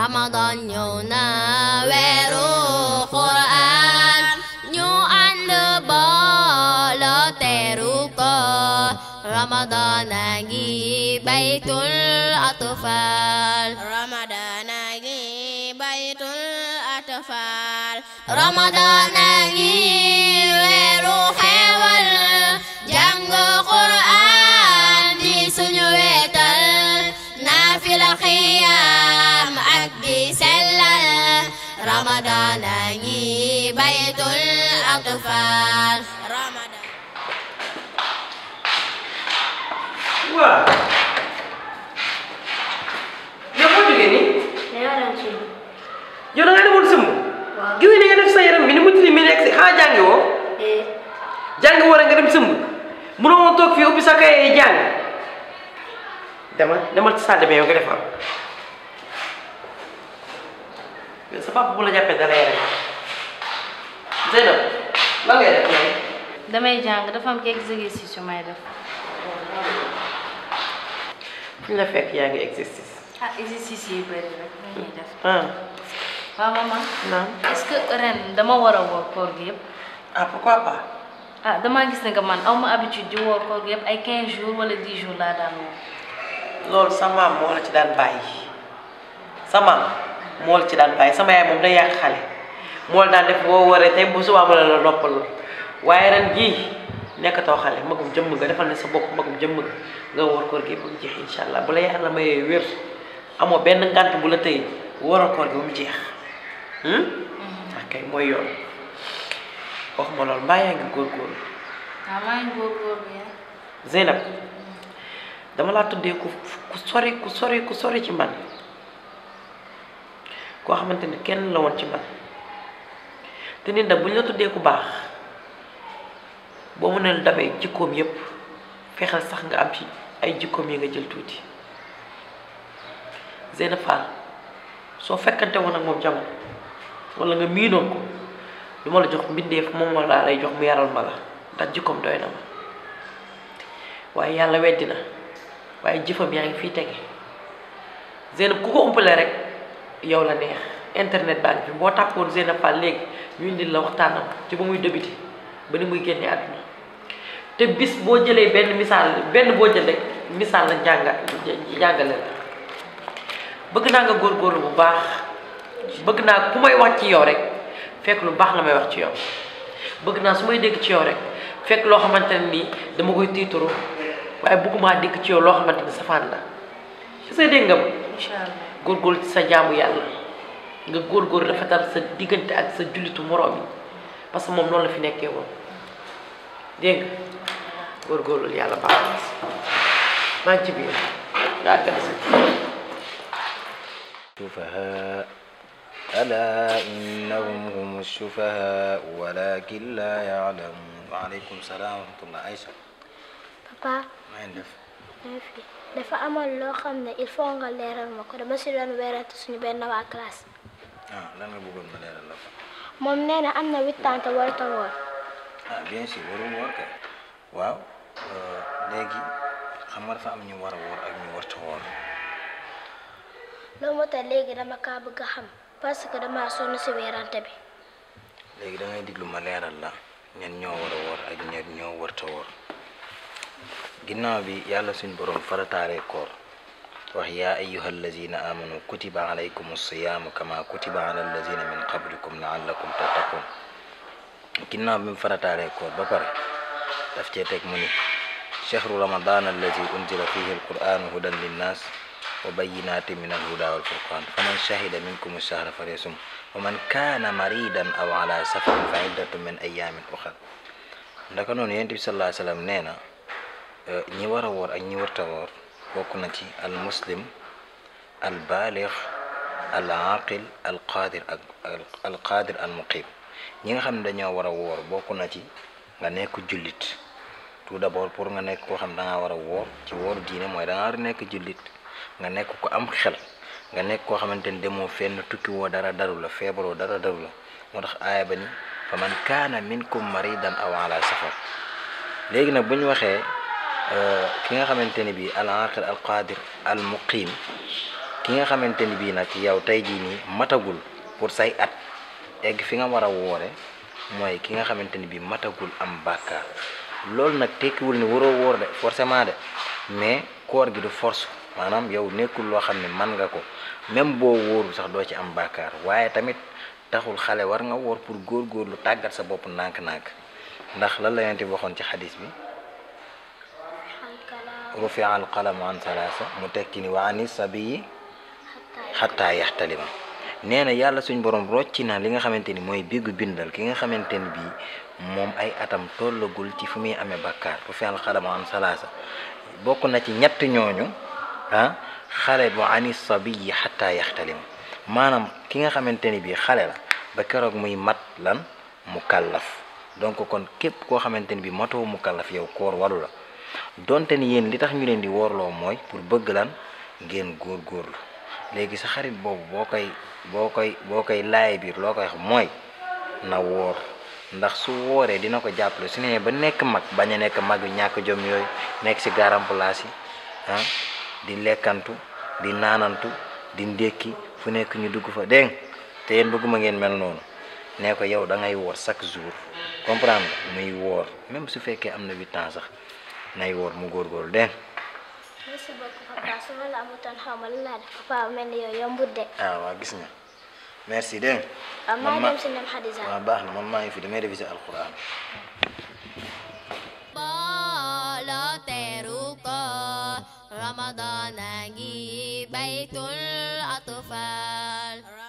Ramadan ñëw na weeru Qur'an ñu ànd a ngi baytul Ramadan a ngi baytul atfal رمضانني بيت الأطفال رمضان waaw yow foo jógee nii. dañoo dem ci. yow da ngaa demoon sëmb. waaw gis nga ni nga def sa yaram bi ni mu tilim mi nekk si xanaa jàngi woo. Eh. jàngi woo rek nga dem sëmb mënoo toog fii ubbi sa kay jàng. dama demal ci salle de bain yow nga defar. sabab bu la jàppee da lay damay jàng dafa am exercice yu may def. fu ñu la fekk yaa ngi exercice. ah exercice yi bëri rek la ñuy def. waaw maman. naam que ren dama ah, ah, war a woor koor gi yëpp. ah pourquoi pas. ah damaa gis ne que man aw ma habitude di woor gi yëpp ay 15 jours wala di jours laa daan loolu sa maam moo la ci daan bàyyi sa mool ci daan bàyyi sama yaay moom day yàq xale mool daan def boo waree tey bu subaa ma la noppal waaye ren jii nekkatoo xale magum jëmm nga defal ne sa bopp magum jëmm nga war koor gi ba mu jeex incha allah bu la yàlla mayee wér amoo benn ngànt bu la tëy waral koor gi hmm? mm-hmm. mooy yoon wax ma loolu mbaa yaa ngi góorgóorlu waaw maa mm-hmm. dama laa tuddee ku ku sori ku sori ku sori ci man koo xamante ne kenn la woon ci man te nit nag bu ñu la tuddee ku baax boo ne dabee jikkoom yépp fexeel sax nga am ci ay jikkoom yi nga jël tuuti Zeyna Fall soo fekkante woon ak moom jamono wala nga miinoon ko du la jox mbindeef moom ma laa lay jox mu yaral ma la ndax jikkoom doy na ma waaye yàlla weddi na waaye jëfam yaa ngi fi tege Zeyna ku ko umpale rek yow la neex internet baa bi fi boo tàppoon Zeyna Fall léegi ñu indi la waxtaanam ci ba muy débuté ba ni muy génnee àdduna te bis boo jëlee benn misaal benn boo jël rek misaal la jànga jàngale la bëgg naa nga góorgóorlu bu baax bëgg naa ku may wax ci yow rek fekk lu baax la may wax ci yow bëgg naa su may dégg ci yow rek fekk loo xamante ne nii dama koy tiituru waaye bëgguma dégg ci yow loo xamante ni safaan la su see dégg incha allah góorgóorlu ci sa jaamu yàlla nga góorgóorlu rafetal sa diggante ak sa jullitu moroom yi parce que moom noonu la fi nekkee woon dégg nga góorgóorlu yàlla baax maa ngi ci biir ngaa gën si. السفهاء ألا إنهم هم السفهاء ولكن لا يعلمون وعليكم السلام ورحمة الله عائشة بابا ما عندك dafa amal loo xam ne il faut nga leeral ma ko dama si doon weerante suñu benn waa classe. Ah, bëggoon ma leeral la moom nee na am na huit ans te ah bien sûr warul woor kay. waaw euh, léegi xam nga dafa am ñu war a woor ak ñu warut a woor. loolu moo que dama sonn si weerante bi. léegi diglu ma leeral la ñen ñoo war ginnaaw bi yàlla suñ borom farataalee koor wax yaa ayyuha allazina amanu kutiba alaykum siyaamu kama kutiba ala allazina min qablikum laallakum tattaqun ginnaaw bi mu farataalee koor ba pare daf cee teg mu ni chahru ramadan allazi unzila fihi alquranu hudan linnas wa bayyinatin min alhuda walfurqan faman shahida minkum ash-shahra falyasum wa man kaana maridan aw ala safarin fa iddatun min ayamin ukhra ndaka noonu yonent bi sallallahu alayhi wa sallam nee na Euh, ñi war a woor ak ñi warta woor bokk na ci al muslim al baalix al ñi nga xam ne dañoo war a woor bokk na ci nga nekk jullit tout d'abord pour nga nekk koo xam ne danga war a woor ci woor diine mooy da ngaa nekk jullit nga nekk ko am xel nga nekk koo xamante ni demoo fenn tukki woo dara daru la feebaroo dara daru la moo tax aaya ni fa man kaana minkum maridan aw ala léegi nag bu ñu ki nga xamante ni bii al aqil al qadir al muqiim ki nga xamante ni bii nag yow tey jii nii matagul pour say at egg fi nga war a woore mooy ki nga xamante ni bii matagul am bàkkaar loolu nag tekkiwul ni waroo woor de forcément de mais koor gi du force maanaam yow nekkul loo xam ne man nga ko même boo wóoru sax doo ci am bàkkaar waaye tamit taxul xale war nga woor pour góor góor lu tàggat sa bopp nànk-nànk ndax lan la yonent waxoon ci xadiis bi rufi al qalam an salaasa mu tekki ni wa ani sabiyi xattaa yaxtalima nee na yàlla suñ borom rocci naa li nga xamante ni mooy biggu bindal ki nga xamante ni bii moom ay atam tollagul ci fu muy amee bakkaar rufi al qalam an salaasa bokk na ci ñett ñooñu ah, xale bu ani sabiyi xattaa yaxtalima maanaam ki nga xamante ni bii xale la ba keroog muy mat lan mu kàllaf donc kon képp koo xamante ni bii matoo mu kàllaf yow koor walu la donte ni yéen li tax ñu leen di woorloo mooy pour bëgg lan ngeen góor góorgóorlu léegi sa xarit boobu boo koy boo koy boo koy laay biir loo koy mooy na woor ndax su wooree dina ko jàppale su ne ba nekk mag bañ nekk mag ñàkk jom yooyu nekk si garam place ah, di lekkantu di naanantu di ndékki fu nekk ñu dugg fa dégg te yéen bëgguma ngeen mel noonu nee ko yow da ngay woor chaque jour comprendre nga muy woor même su fekkee am na huit ans sax nay woor mu góorgóorlu dégg nga. merci beaucoup papa su la amutoon xaw ma lan laa def papa mel ni yow gis nga merci dégg nga. man maa dem si nem Xadija. waaw baax na man maa ngi fi damay réviser alquran. booloo teeru koor Ramadan a